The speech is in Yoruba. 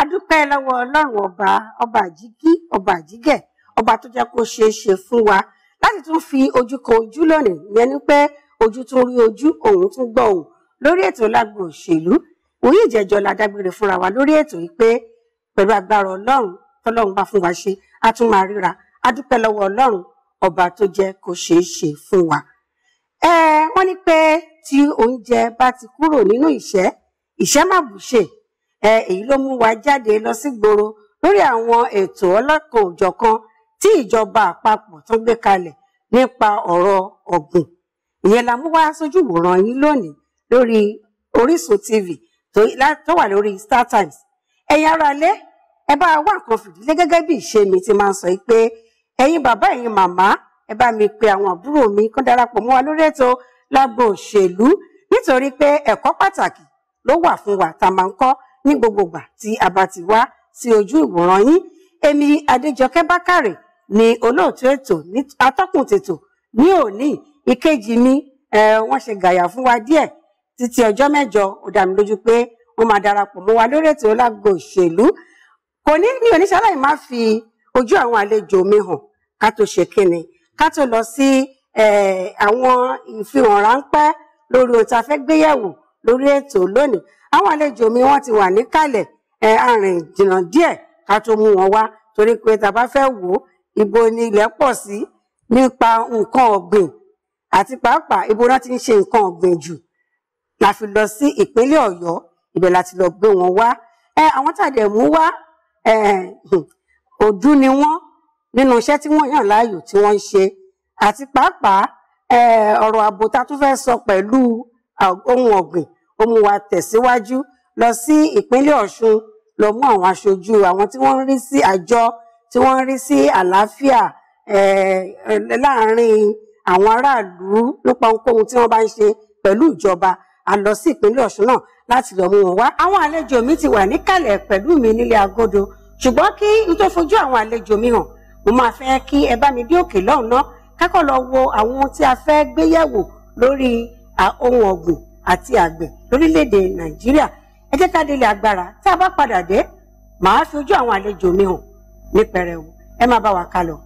a dúpẹ́ lọ́wọ́ ọlọ́run ọba ọba àjíkí ọba àjígẹ̀ ọba tó jẹ́ kó ṣeé ṣe fún wa láti tún fi ojú kan ojú lónìí yẹn ni pé ojú tún rí ojú òun tún gbọ́ òun lórí ètò lágbo òṣèlú òye ìjẹjọ la dágbére fúnra wa lórí ètò yìí pé pẹ̀lú agbára ọlọ́run tọ́lọ́run bá fún wa ṣe a tún máa ríra a dúpẹ́ lọ́wọ́ ọlọ́run ọba tó jẹ́ kó ṣeé ṣe fún wa. wọ́n ní pé tí oúnjẹ bá ti kúrò nínú ìṣẹ́ ìṣẹ́ má bùṣe èyí ló mú wa jáde lọ sí gbòòrò lórí àwọn ètò ọlọ́kan-ò-jọ̀kan tí ìjọba àpapọ̀ tó gbé kalẹ̀ nípa ọ̀rọ̀ ọ̀gbìn ìyẹn la mú wá sójú wòran yín lónìí lórí Orísun TV tó wà lórí StarTimes ẹ̀yin ará lé ẹ bá wá nǹkan fìdílé gẹ́gẹ́ bí ìṣe mi ti máa ń sọ pé ẹ̀yin bàbá ẹ̀yin màmá ẹ bá mi pe àwọn àbúrò mi kán darapọ̀ mọ́ wa lórí ètò lágbo òṣèlú nítorí pé ẹ̀kọ́ pàtàkì ló wà fún wa tá a máa ń kọ́ ní gbogbogbà tí a bá ti wá sí ojú ìwòran yín èmi adéjọkẹ́ bákàrè ni olóòtú ètò ní atọ́kùn tètò ní òní ìkejì mi wọ́n ṣe gàyà fún wa díẹ̀ títí ọjọ́ mẹ́jọ ó dá mi lójú pé wọ́n máa darapọ̀ mọ́ wa lórí ètò lágbo òṣèlú kò ní mi ò ní ṣaláì má fi ojú àwọn àlejò mi hàn ká tó ṣe kíni ká tó lọ sí àwọn ìfihàn ráńpẹ́ lórí ohun tá a fẹ́ gbéyẹ̀wò lórí ètò lónìí àwọn àlejò mi wọ́n ti wà níkàlẹ̀ ẹ àrìn jìnnà díẹ̀ ká tó mú wọn wá torí pé tá a bá fẹ́ wò ó ibo ni ilẹ̀ pọ̀ sí nípa nǹkan ọ̀gbìn àti pàápàá ibo náà ti ń ṣe nǹkan ọ̀gbìn jù la fi lọ sí ìpínlẹ̀ Ọ̀yọ́ ibẹ̀ láti lọ gbé wọn wá ẹ àwọn tàdé mú wá ẹ òdú ni wọ́n nínú iṣẹ́ tí wọ́n yàn láàyò tí wọ́n ń ṣe àti pàápàá ọ̀rọ̀ ààbò tá a sọ pẹ̀lú ohun ọ̀gbìn ó mú wa tẹ̀síwájú lọ sí ìpínlẹ̀ Ọ̀ṣun lọ mú àwọn aṣojú àwọn tí wọ́n ń rí sí àjọ tí wọ́n ń rí sí àlàáfíà eh, láàárín àwọn aráàlú nípa ohunkóhun tí wọ́n bá ń ṣe pẹ̀lú ìjọba a lọ sí ìpínlẹ̀ Ọ̀ṣun náà láti lọ mú wọn wá. àwọn àlejò mi ti wà níkàlẹ̀ pẹ̀lú mi nílé agodo ṣùgbọ́n kí n tó fojú àwọn àlejò mi hàn mo máa fẹ́ kí ẹ bá mi dé òkè lọ́hùn-ún náà kákọ́ lọ wo àwọn ohun tí a fẹ́ gbéyẹ̀wò lórí ohun ọ̀gbìn àti àgbẹ̀ lórílẹ̀‐èdè nàìjíríà ẹ jẹ́ ká délé agbára tá a bá padà dé màá fi ojú àwọn àlejò mi hàn ní pẹrẹwu ẹ má bá wa kálọ.